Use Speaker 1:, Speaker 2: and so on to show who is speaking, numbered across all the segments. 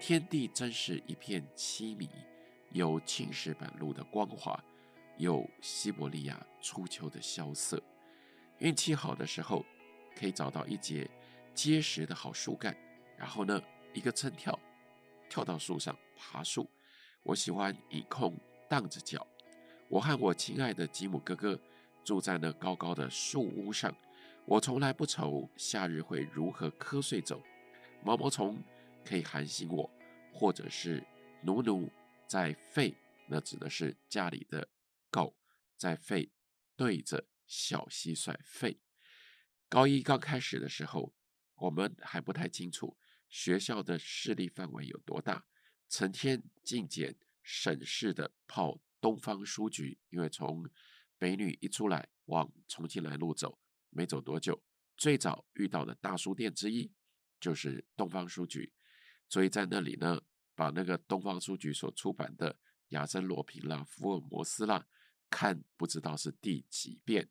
Speaker 1: 天地真是一片淒迷，有青石板路的光滑，有西伯利亞初秋的蕭瑟。運氣好的時候，可以找到一截結實的好樹幹，然後呢，一個蹭跳，跳到樹上爬樹。我喜歡以空蕩着腳。我和我親愛的吉姆哥哥住在那高高的樹屋上，我從來不愁夏日會如何瞌睡走，毛毛蟲。可以喊醒我，或者是奴奴在吠。那指的是家裡的狗在吠，對着小蟋蟀吠。高一剛開始的時候，我們還不太清楚學校的勢力範圍有多大，成天淨撿省事的跑東方書局，因為從北一女出來往重慶南路走，沒走多久，最早遇到的大書店之一就是東方書局。所以在那裡呢，把那個東方書局所出版的《亞森羅平》啦、《福爾摩斯》啦，看不知道是第幾遍。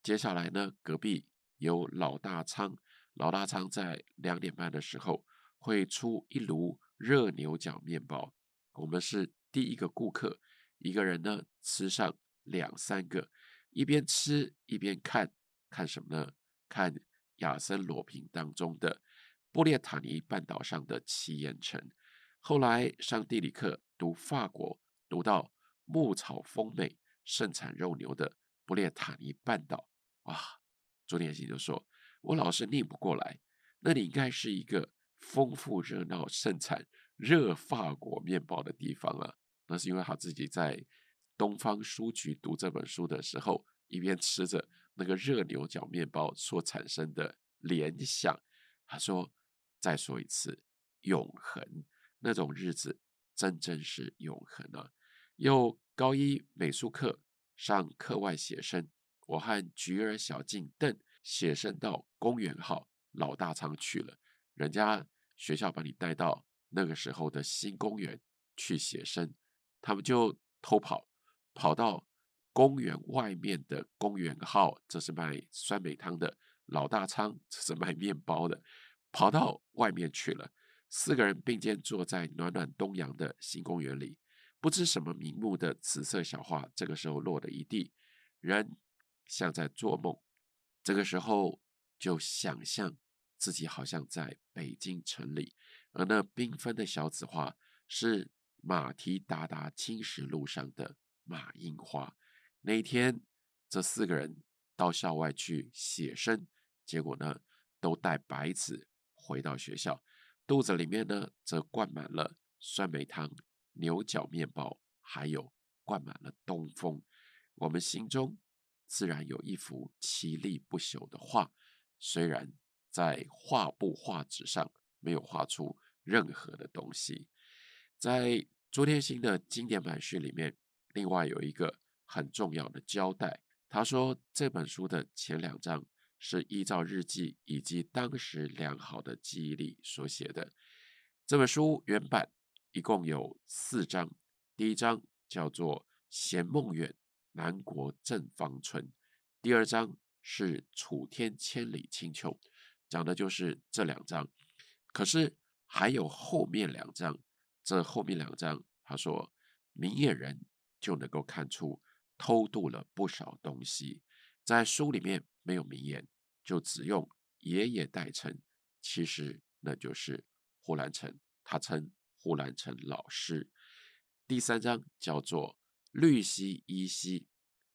Speaker 1: 接下來呢，隔壁有老大昌，老大昌在兩點半的時候會出一爐熱牛角麵包，我們是第一個顧客，一個人呢吃上兩三個，一邊吃一邊看，看什麼呢？看《亞森羅平》當中的。布列塔尼半島上的奇岩城，後來上地理課讀法國，讀到牧草豐美、盛產肉牛的布列塔尼半島，哇！朱天心就說：“我老是念不過來，那裡應該是一個豐富熱鬧、盛產熱法國麵包的地方了。”那是因為他自己在東方書局讀這本書的時候，一邊吃着那個熱牛角麵包所產生的聯想，他說。再說一次，永恆那種日子，真真是永恆啊！又高一美術課上課外寫生，我和菊兒、小靜、等寫生到公園號老大昌去了。人家學校把你帶到那個時候的新公園去寫生，他們就偷跑，跑到公園外面的公園號，這是賣酸梅湯的老大昌，這是賣麵包的。跑到外面去了。四個人並肩坐在暖暖冬陽的新公園裡，不知什麼名目的紫色小花，這個時候落了一地，人像在做夢。這個時候就想象自己好像在北京城裡，而那繽紛的小紫花是馬蹄噠噠青石路上的馬纓花。那一天，這四個人到校外去寫生，結果呢，都帶白紙。回到學校，肚子裡面呢，則灌滿了酸梅湯、牛角麵包，還有灌滿了東風。我們心中自然有一幅綺麗不朽的畫，雖然在畫布畫紙上沒有畫出任何的東西。在朱天心的經典版序裡面，另外有一個很重要的交代，他說，這本書的前兩章。是依照日記以及當時良好的記憶力所寫的。這本書原版一共有四章，第一章叫做《閒夢遠南國正芳春》，第二章是《楚天千里清秋》，講的就是這兩章。可是還有後面兩章，這後面兩章，他說明眼人就能夠看出偷渡了不少東西，在書裡面。沒有名言，就只用爺爺代稱。其實那就是胡蘭成，他稱胡蘭成老師。第三章叫做“綠兮衣兮”，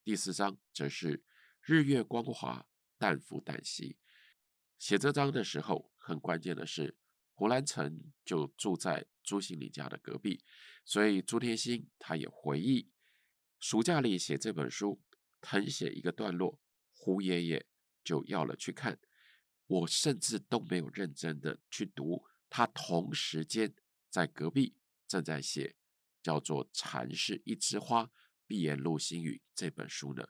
Speaker 1: 第四章則是“日月光華，旦復旦兮”。寫這章的時候，很關鍵的是胡蘭成就住在朱西甯家的隔壁，所以朱天心他也回憶，暑假裡寫這本書，謄寫一個段落。胡爺爺就要了去看，我甚至都沒有認真的去讀。他同時間在隔壁正在寫叫做《禪是一枝花》，《碧巖錄》新語這本書呢。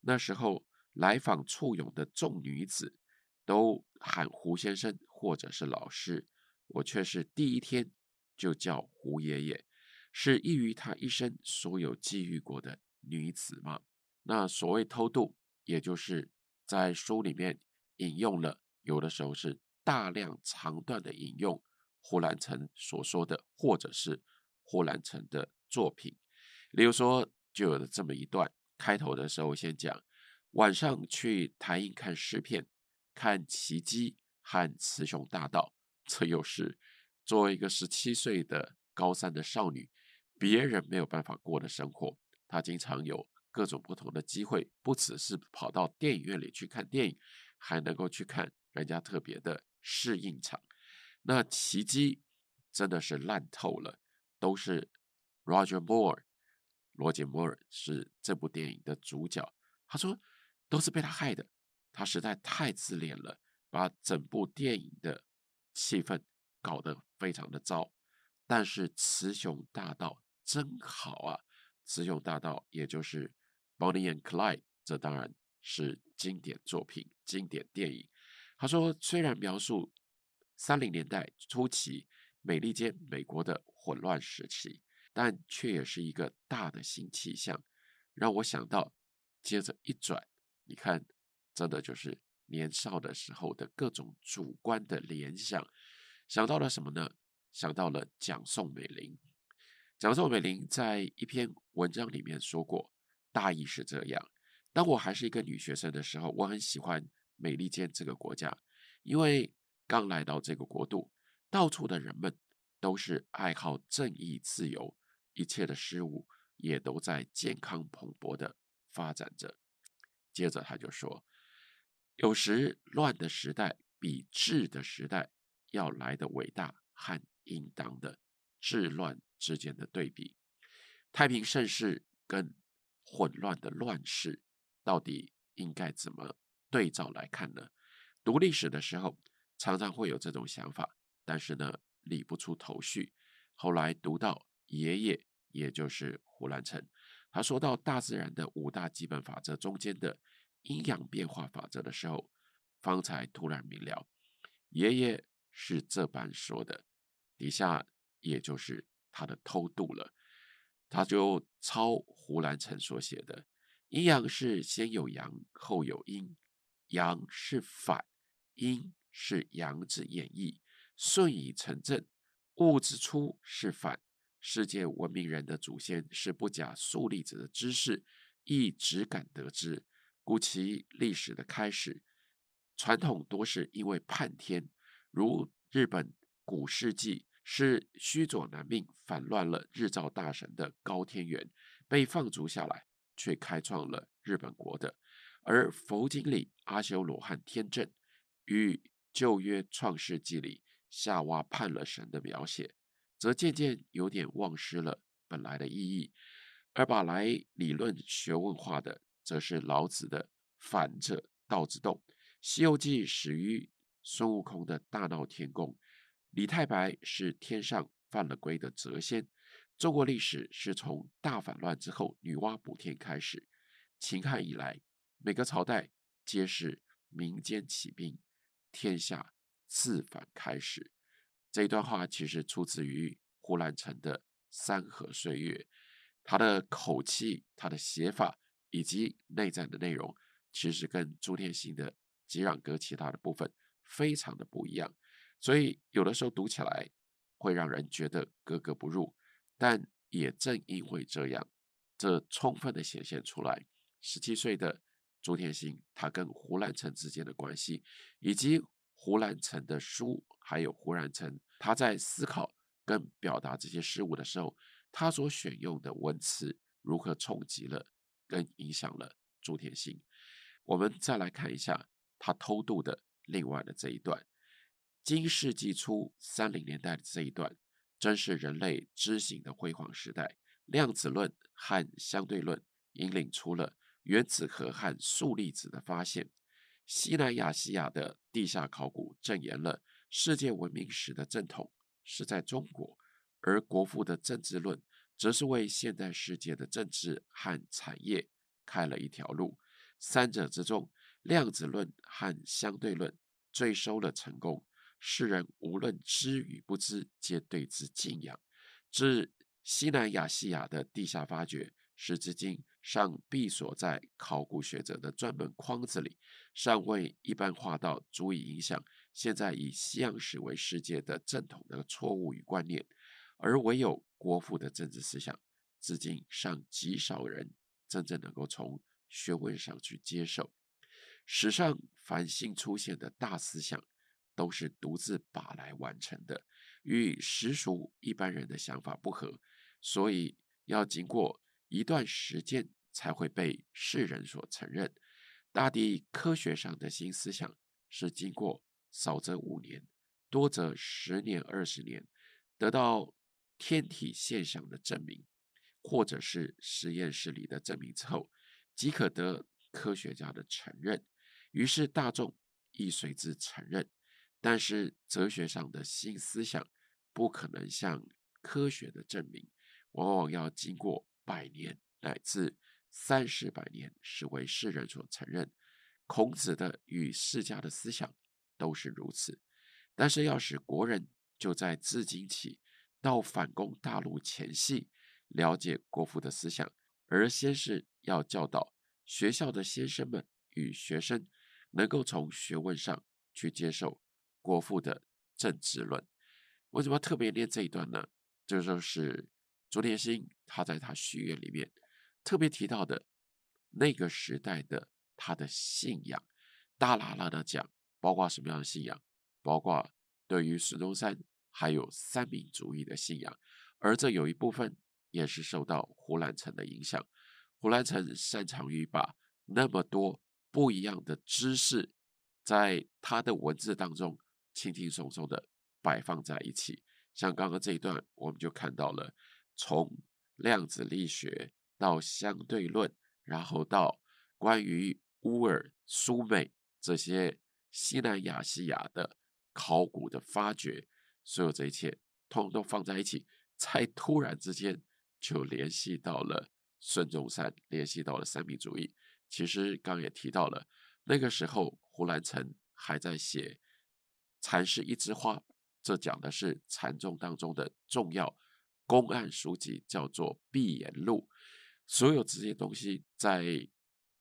Speaker 1: 那時候來訪簇擁的眾女子都喊胡先生或者是老師，我卻是第一天就叫胡爺爺，是異於他一生所有際遇過的女子嗎？那所謂偷渡。也就是在書裡面引用了，有的時候是大量長段的引用胡蘭成所說的，或者是胡蘭成的作品。例如說，就有了這麼一段：開頭的時候先講，晚上去台影看試片，看奇蹟和雌雄大盜。這又是作為一個十七歲的高三的少女，別人沒有辦法過的生活。她經常有。各種不同的機會，不只是跑到電影院裡去看電影，還能夠去看人家特別的試映場。那《奇蹟》真的是爛透了，都是 Moore, Roger Moore，羅傑摩爾是這部電影的主角。他說都是被他害的，他實在太自戀了，把整部電影的氣氛搞得非常的糟。但是雌雄大盜真好，啊《雌雄大盜》真好啊，《雌雄大盜》也就是。《Bonnie and Clyde》，這當然是經典作品、經典電影。他說：“雖然描述三零年代初期美利堅美國的混亂時期，但卻也是一個大的新氣象。”讓我想到，接着一轉，你看，真的就是年少的時候的各種主觀的聯想，想到了什麼呢？想到了蔣宋美齡。蔣宋美齡在一篇文章裡面說過。大意是這樣：當我還是一個女學生的時候，我很喜歡美利堅這個國家，因為剛來到這個國度，到處的人們都是愛好正義、自由，一切的事物也都在健康蓬勃的發展着。接着他就說：“有時亂的時代比治的時代要來的偉大和應當的，治亂之間的對比，太平盛世跟。”混亂的亂世，到底應該怎麼對照來看呢？讀歷史的時候，常常會有這種想法，但是呢，理不出頭緒。後來讀到爺爺，也就是胡蘭成，他說到大自然的五大基本法則中間的陰陽變化法則的時候，方才突然明了，爺爺是這般說的，底下也就是他的偷渡了。他就抄胡蘭成所寫的：“陰陽是先有陽後有陰，陽是反，陰是陽之演繹，順以成正。物之初是反。世界文明人的祖先是不假樹立者的知識，亦只敢得知，故其歷史的開始。傳統多是因為叛天，如日本古世紀。”是須佐男命叛亂了日照大神的高天原，被放逐下來，卻開創了日本國的；而佛經裡阿修羅漢天正與舊約創世紀裡夏娃叛了神的描寫，則漸漸有點忘失了本來的意義；而把來理論學問化的，則是老子的反者道之動，《西遊記》始於孫悟空的大鬧天宮。李太白是天上犯了規的謫仙。中國歷史是從大反亂之後，女媧補天開始。秦漢以來，每個朝代皆是民間起兵，天下自反開始。這一段話其實出自於胡蘭成的《山河歲月》，他的口氣、他的寫法以及內在的內容，其實跟朱天心的《擊壤歌》其他的部分非常的不一樣。所以有的時候讀起來會讓人覺得格格不入，但也正因為這樣，這充分的顯現出來，十七歲的朱天心，他跟胡蘭成之間的關係，以及胡蘭成的書，還有胡蘭成他在思考跟表達這些事物的時候，他所選用的文詞如何衝擊了更影響了朱天心。我們再來看一下他偷渡的另外的這一段。新世紀初三零年代的這一段，正是人類知行的輝煌時代。量子論和相對論引領出了原子核和素粒子的發現。西南亞西亞的地下考古證言了世界文明史的正統是在中國，而國父的政治論則是為現代世界的政治和產業開了一條路。三者之中，量子論和相對論最收了成功。世人無論知與不知，皆對之敬仰。至西南亞細亞的地下發掘，時至今尚閉鎖在考古學者的專門框子裡，尚未一般化到足以影響現在以西洋史為世界的正統的錯誤與觀念。而唯有國父的政治思想，至今尚極少人真正能夠從學問上去接受。史上凡新出現的大思想，都是獨自把來完成的，與世俗一般人的想法不合，所以要經過一段時間才會被世人所承認。大抵科學上的新思想是經過少則五年，多則十年、二十年，得到天體現象的證明，或者是實驗室裡的證明之後，即可得科學家的承認，於是大眾亦隨之承認。但是哲學上的新思想不可能像科學的證明，往往要經過百年乃至三四百年，是為世人所承認。孔子的與世家的思想都是如此。但是要使國人就在自今起到反攻大陸前夕，了解國父的思想，而先是要教導學校的先生們與學生，能夠從學問上去接受。國父的政治論，為什麼特別念這一段呢？這就是，說是朱天心他在他序言裡面特別提到的，那個時代的他的信仰，大喇喇的講，包括什麼樣的信仰，包括對於孫中山還有三民主義的信仰，而這有一部分也是受到胡蘭成的影響。胡蘭成擅長於把那麼多不一樣的知識在他的文字當中。輕輕鬆鬆的擺放在一起，像剛剛這一段，我們就看到了從量子力學到相對論，然後到關於烏爾蘇美這些西南亞西亞的考古的發掘，所有這一切通通放在一起，才突然之間就聯繫到了孫中山，聯繫到了三民主義。其實剛也提到了，那個時候胡蘭成還在寫。禪是一枝花，這講的是禪宗當中的重要公案書籍，叫做《碧巖錄》。所有這些東西在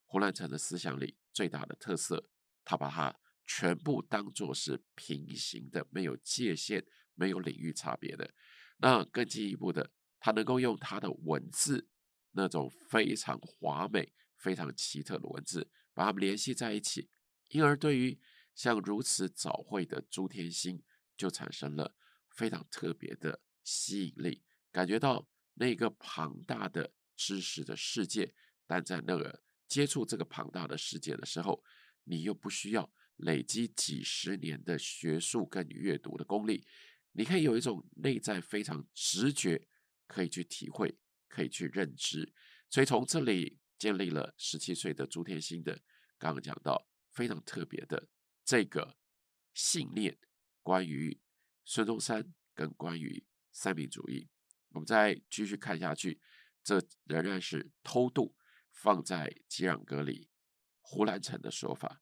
Speaker 1: 胡蘭成的思想裡最大的特色，他把它全部當做是平行的，沒有界限，沒有領域差別的。那更進一步的，他能夠用他的文字那種非常華美、非常奇特的文字，把它們聯繫在一起，因而對於，像如此早慧的朱天心，就產生了非常特別的吸引力，感覺到那個龐大的知識的世界，但在那個接觸這個龐大的世界的時候，你又不需要累積幾十年的學術跟閱讀的功力，你可以有一種內在非常直覺，可以去體會，可以去認知，所以從這裡建立了十七歲的朱天心的，剛剛講到非常特別的。這個信念，關於孫中山跟關於三民主義，我們再繼續看下去。這仍然是偷渡放在擊壤歌裡，胡蘭成的說法。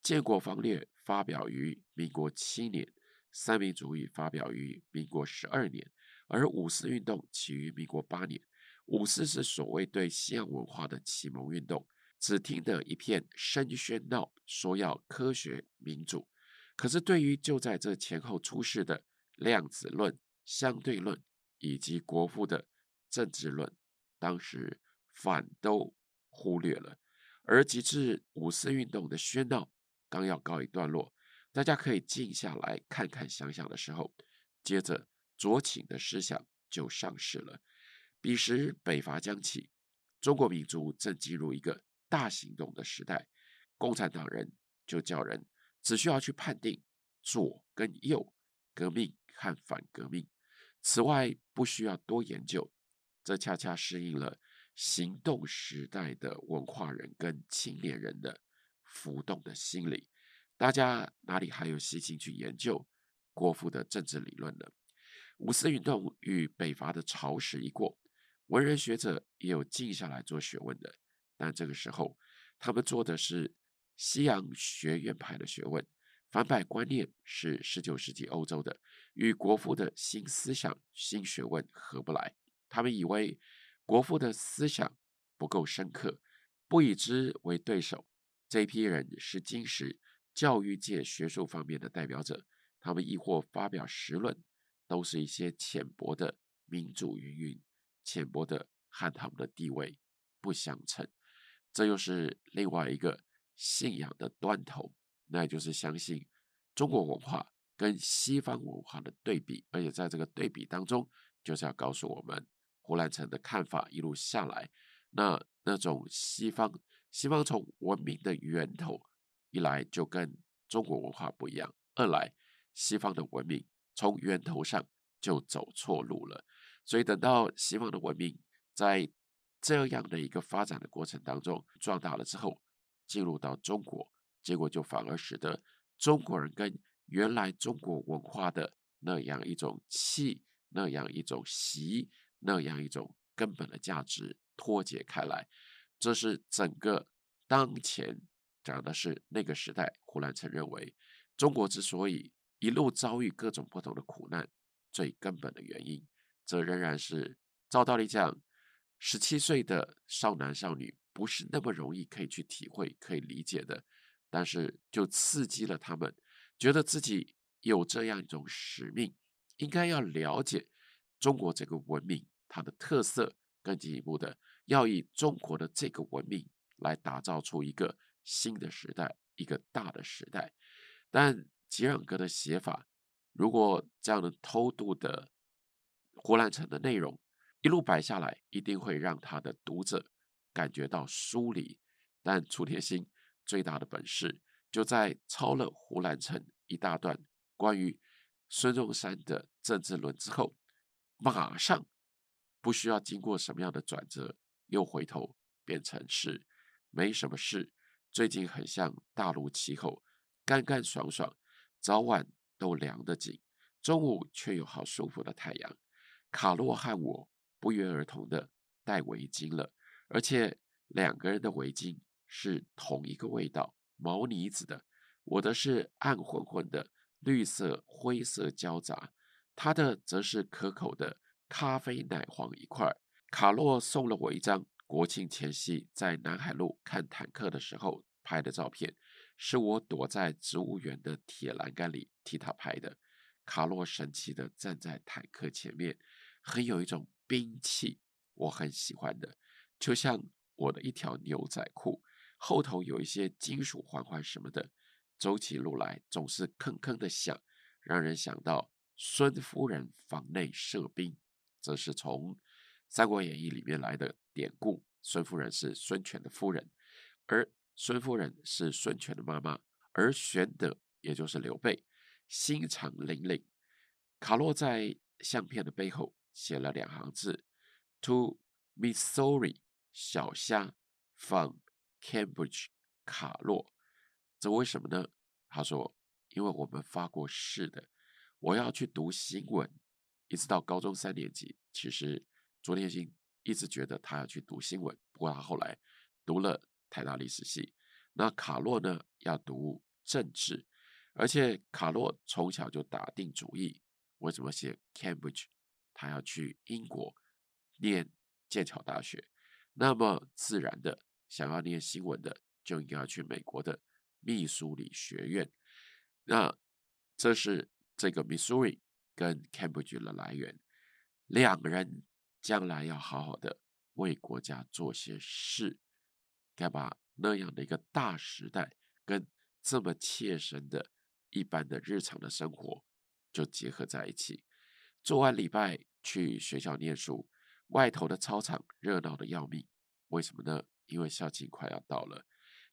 Speaker 1: 建國方略發表於民國七年，三民主義發表於民國十二年，而五四運動起於民國八年。五四是所謂對西洋文化的啟蒙運動。只聽得一片聲喧鬧，說要科學民主，可是對於就在這前後出世的量子論、相對論以及國父的政治論，當時反都忽略了。而及至五四運動的喧鬧剛要告一段落，大家可以靜下來看看想想的時候，接着左傾的思想就上勢了。彼時北伐將起，中國民族正進入一個大行動的時代，共產黨人就叫人只需要去判定左跟右，革命和反革命。此外不需要多研究，這恰恰適應了行動時代的文化人跟青年人的浮動的心理。大家哪裡還有心情去研究國父的政治理論呢？五四運動與北伐的潮時一過，文人學者也有靜下來做學問的。但這個時候，他們做的是西洋學院派的學問，反派觀念是十九世紀歐洲的，與國父的新思想、新學問合不來。他們以為國父的思想不夠深刻，不以之為對手。這批人是京師教育界學術方面的代表者，他們亦或發表時論，都是一些淺薄的民主云云，淺薄的和他們的地位不相稱。這又是另外一個信仰的端頭，那就是相信中國文化跟西方文化的對比，而且在這個對比當中，就是要告訴我們胡蘭成的看法一路下來，那那種西方，西方從文明的源頭一來就跟中國文化不一樣，二來西方的文明從源頭上就走錯路了，所以等到西方的文明在。這樣的一個發展的過程當中壯大了之後，進入到中國，結果就反而使得中國人跟原來中國文化的那樣一種氣、那樣一種習、那樣一種根本的價值脫節開來。這是整個當前講的是那個時代，胡蘭成認為，中國之所以一路遭遇各種不同的苦難，最根本的原因，則仍然是照道理講。十七歲的少男少女不是那麼容易可以去體會、可以理解的，但是就刺激了他們，覺得自己有這樣一種使命，應該要了解中國這個文明它的特色，更進一步的要以中國的這個文明來打造出一個新的時代、一個大的時代。但擊壤歌的寫法，如果這樣的偷渡的胡蘭成的內容。一路擺下來，一定會讓他的讀者感覺到疏離，但朱天心最大的本事，就在抄了胡蘭成一大段關於孫中山的政治論之後，馬上不需要經過什麼樣的轉折，又回頭變成是沒什麼事。最近很像大陸氣候，乾乾爽爽，早晚都涼得緊，中午卻有好舒服的太陽。卡洛和我。不約而同的戴圍巾了，而且兩個人的圍巾是同一個味道，毛呢子的。我的是暗混混的綠色灰色交雜，他的則是可口的咖啡奶黃一塊。卡洛送了我一張國慶前夕在南海路看坦克的時候拍的照片，是我躲在植物園的鐵欄杆裡替他拍的。卡洛神奇的站在坦克前面，很有一種。兵器我很喜歡的，就像我的一條牛仔褲後頭有一些金屬環環什麼的，走起路來總是吭吭的響，讓人想到孫夫人房內射兵，這是從《三國演義》裡面來的典故。孫夫人是孫權的夫人，而孫夫人是孫權的媽媽。而玄德也就是劉備，心腸凛凛。卡洛在相片的背後，寫了兩行字，To Missouri 小蝦，From Cambridge 卡洛。這為什麼呢？他說，因為我們發過誓的，我要去讀新聞，一直到高中三年級。其實，朱天心一直覺得他要去讀新聞。不過他後來讀了台大歷史系，那卡洛呢要讀政治，而且卡洛從小就打定主意。為什麼寫 Cambridge？他要去英國念劍橋大學，那麼自然的想要念新聞的，就應該要去美國的密蘇裡學院。那這是這個 Missouri 跟 Cambridge 的來源。兩人將來要好好的為國家做些事，幹嘛？那樣的一個大時代，跟這麼切身的一般的日常的生活就結合在一起。做完禮拜去學校念書，外頭的操場熱鬧的要命。為什麼呢？因為校慶快要到了，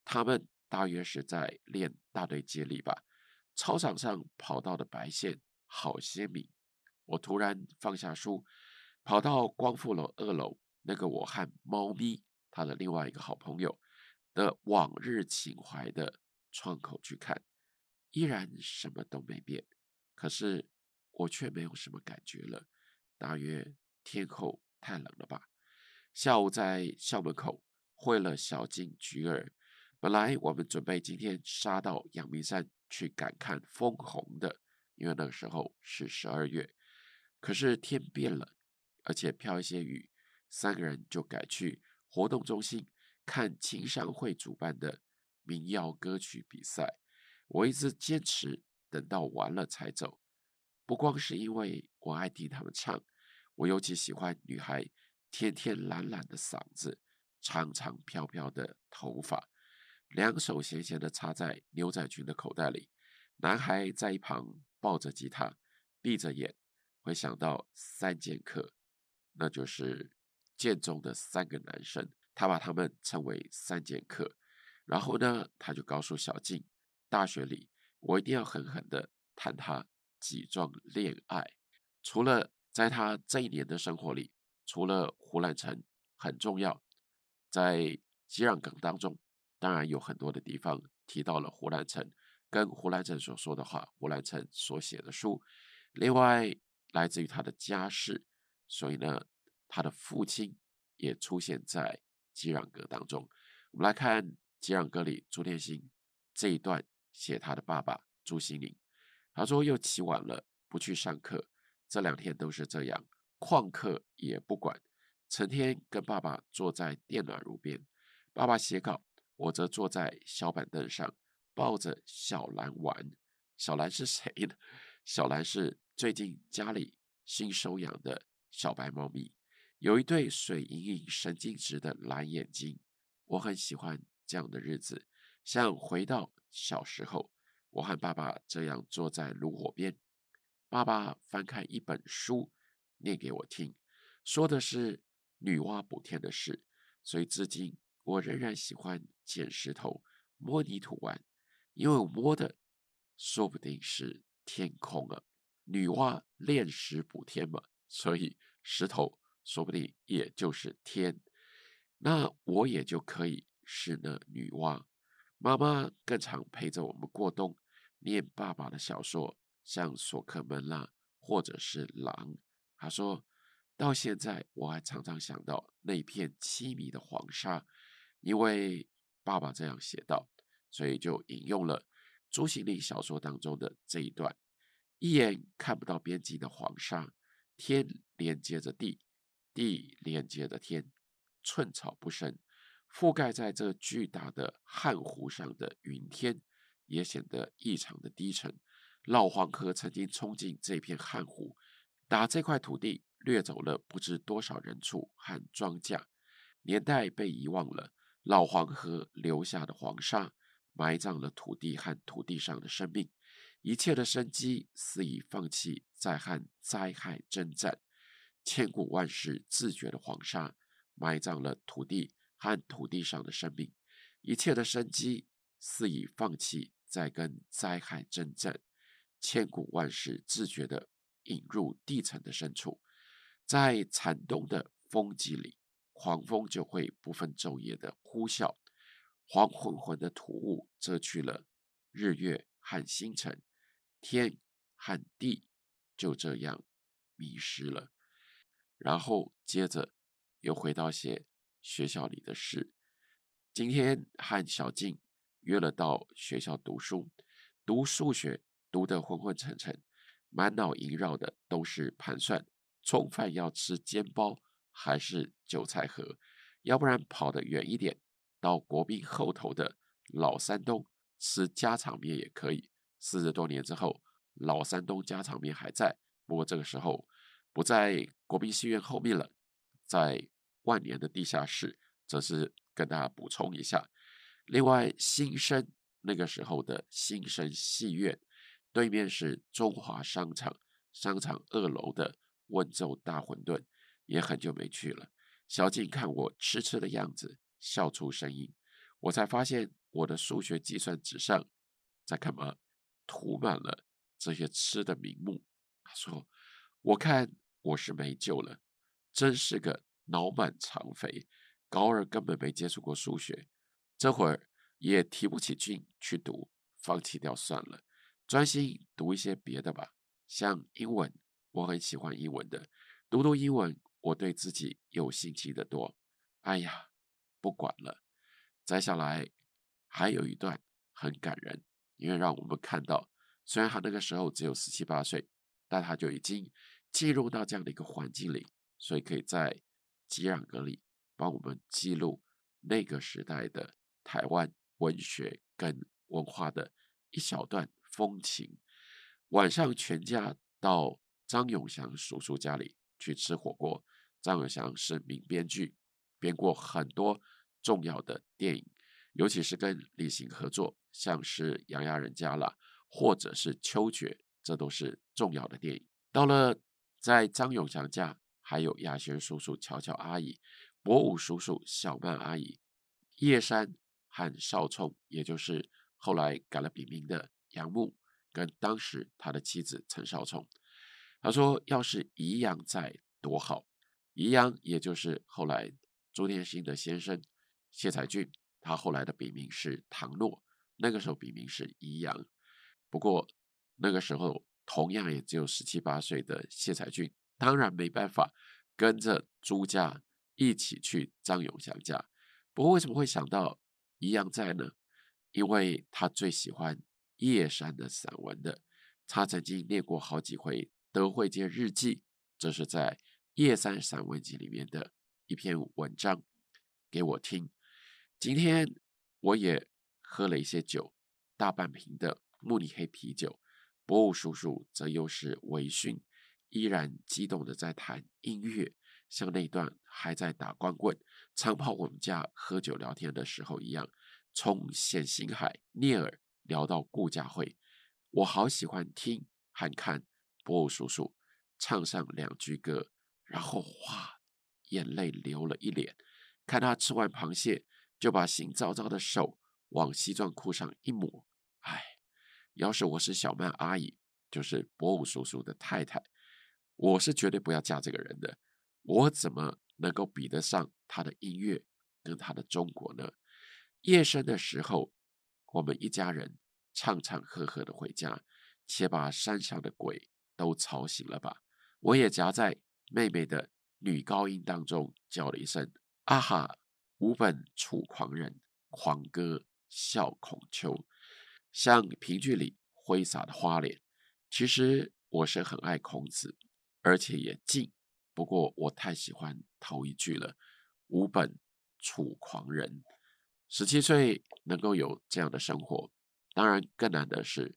Speaker 1: 他們大約是在練大隊接力吧。操場上跑道的白線好鮮明。我突然放下書，跑到光復樓二樓那個我和貓咪他的另外一個好朋友的往日情懷的窗口去看，依然什麼都沒變。可是。我卻沒有什麼感覺了，大約天候太冷了吧。下午在校門口會了小靜、菊兒，本來我們準備今天殺到陽明山去趕看楓紅的，因為那個時候是十二月，可是天變了，而且飄一些雨，三個人就改去活動中心看青商會主辦的民謠歌曲比賽。我一直堅持等到完了才走。不光是因為我愛聽他們唱，我尤其喜歡女孩天天懶懶的嗓子，長長飄飄的頭髮，兩手閒閒的插在牛仔裙的口袋裡。男孩在一旁抱着吉他，閉着眼，會想到三劍客，那就是建中的三個男生，他把他們稱為三劍客。然後呢，他就告訴小靜，大學裡我一定要狠狠的談他，幾樁戀愛，除了在他這一年的生活裡，除了胡蘭成很重要，在《擊壤歌》當中，當然有很多的地方提到了胡蘭成，跟胡蘭成所說的話，胡蘭成所寫的書，另外來自於他的家世，所以呢，他的父親也出現在《擊壤歌》當中。我們來看《擊壤歌》裡朱天心這一段寫他的爸爸朱西甯。他說又起晚了，不去上課。這兩天都是這樣，曠課也不管，成天跟爸爸坐在電暖爐邊。爸爸寫稿，我則坐在小板凳上抱着小蘭玩。小蘭是誰呢？小蘭是最近家裡新收養的小白貓咪，有一對水盈盈、神經質的藍眼睛。我很喜歡這樣的日子，像回到小時候。我和爸爸這樣坐在爐火邊，爸爸翻開一本書，念給我聽，說的是女媧補天的事。所以至今我仍然喜歡撿石頭、摸泥土玩，因為我摸的說不定是天空啊，女媧煉石補天嘛，所以石頭說不定也就是天，那我也就可以是那女媧。媽媽更常陪着我們過冬。念爸爸的小說，像《索克門啦》或者是《狼》，他說到現在我還常常想到那片淒迷的黃沙，因為爸爸這樣寫道，所以就引用了朱西甯小說當中的這一段：一眼看不到邊際的黃沙，天連接着地，地連接着天，寸草不生，覆蓋在這巨大的漢湖上的雲天。也顯得異常的低沉。老黃河曾經衝進這片旱湖，打這塊土地掠走了不知多少人畜和莊稼。年代被遺忘了，老黃河留下的黃沙埋葬了土地和土地上的生命，一切的生機似已放棄，在旱災害征戰。千古萬世自覺的黃沙埋葬了土地和土地上的生命，一切的生機似已放棄。在跟災害征戰，千古萬世自覺地引入地層的深處，在慘冬的風季裡，狂風就會不分晝夜地呼嘯，黃渾渾的土霧遮去了日月和星辰，天和地就這樣迷失了。然後接着又回到些學校裡的事，今天和小靜，約了到學校讀書，讀數學讀得昏昏沉沉，滿腦縈繞的都是盤算：中飯要吃煎包還是韭菜盒？要不然跑得遠一點，到國賓後頭的老山東吃家常麵也可以。四十多年之後，老山東家常麵還在，不過這個時候不在國賓戲院後面了，在萬年的地下室。這是跟大家補充一下。另外，新生那個時候的新生戲院對面是中華商場，商場二樓的溫州大餛飩也很久沒去了。小靜看我癡癡的樣子，笑出聲音。我才發現我的數學計算紙上在幹嘛，塗滿了這些吃的名目。他說：“我看我是沒救了，真是個腦滿腸肥，高二根本沒接觸過數學。”這會兒也提不起勁去讀，放棄掉算了，專心讀一些別的吧，像英文，我很喜歡英文的，讀讀英文，我對自己有信心得多。哎呀，不管了，再下來還有一段很感人，因為讓我們看到，雖然他那個時候只有十七八歲，但他就已經進入到這樣的一個環境裡，所以可以在擊壤歌裡幫我們記錄那個時代的，台灣文學跟文化的一小段風情。晚上全家到張永祥叔叔家裡去吃火鍋。張永祥是名編劇，編過很多重要的電影，尤其是跟李行合作，像是《養鴨人家》了，或者是《秋決》，這都是重要的電影。到了在張永祥家，還有亞軒叔叔、喬喬阿姨、博武叔叔、小曼阿姨、葉珊。和少聰，也就是後來改了筆名的楊牧，跟當時他的妻子陳少聰，他說要是宜陽在多好。宜陽也就是後來朱天心的先生謝才俊，他後來的筆名是唐諾，那個時候筆名是宜陽。不過那個時候同樣也只有十七八歲的謝才俊，當然沒辦法跟着朱家一起去張永祥家。不過為什麼會想到？一樣在呢，因為他最喜歡葉珊的散文的，他曾經念過好幾回《德惠街日記》，這是在葉珊散文集裡面的一篇文章，給我聽。今天我也喝了一些酒，大半瓶的慕尼黑啤酒。博物叔叔則又是微醺，依然激動的在談音樂。像那段還在打光棍，常跑我們家喝酒聊天的時候一樣，從冼星海、聶耳聊到顧嘉煇，我好喜歡聽和看伯武叔叔唱上兩句歌，然後嘩，眼淚流了一臉。看他吃完螃蟹，就把腥臊臊的手往西裝褲上一抹，唉，要是我是小曼阿姨，就是伯武叔叔的太太，我是絕對不要嫁這個人的。我怎麼能夠比得上他的音樂跟他的中國呢？夜深的時候，我們一家人唱唱和和的回家，且把山上的鬼都吵醒了吧。我也夾在妹妹的女高音當中叫了一聲：“啊哈！”吾本楚狂人，狂歌笑孔丘，像平劇裡揮灑的花臉。其實我是很愛孔子，而且也敬。不過我太喜歡頭一句了，吾本楚狂人，十七歲能夠有這樣的生活，當然更難的是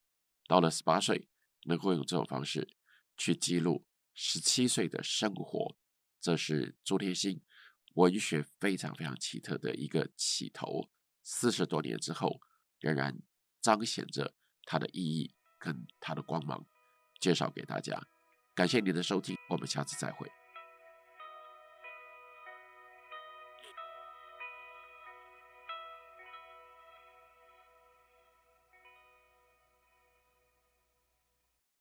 Speaker 1: 到了十八歲能夠用這種方式去記錄十七歲的生活，這是朱天心文學非常非常奇特的一個起頭。四十多年之後，仍然彰顯着它的意義跟它的光芒。介紹給大家，感謝你的收聽，我們下次再會。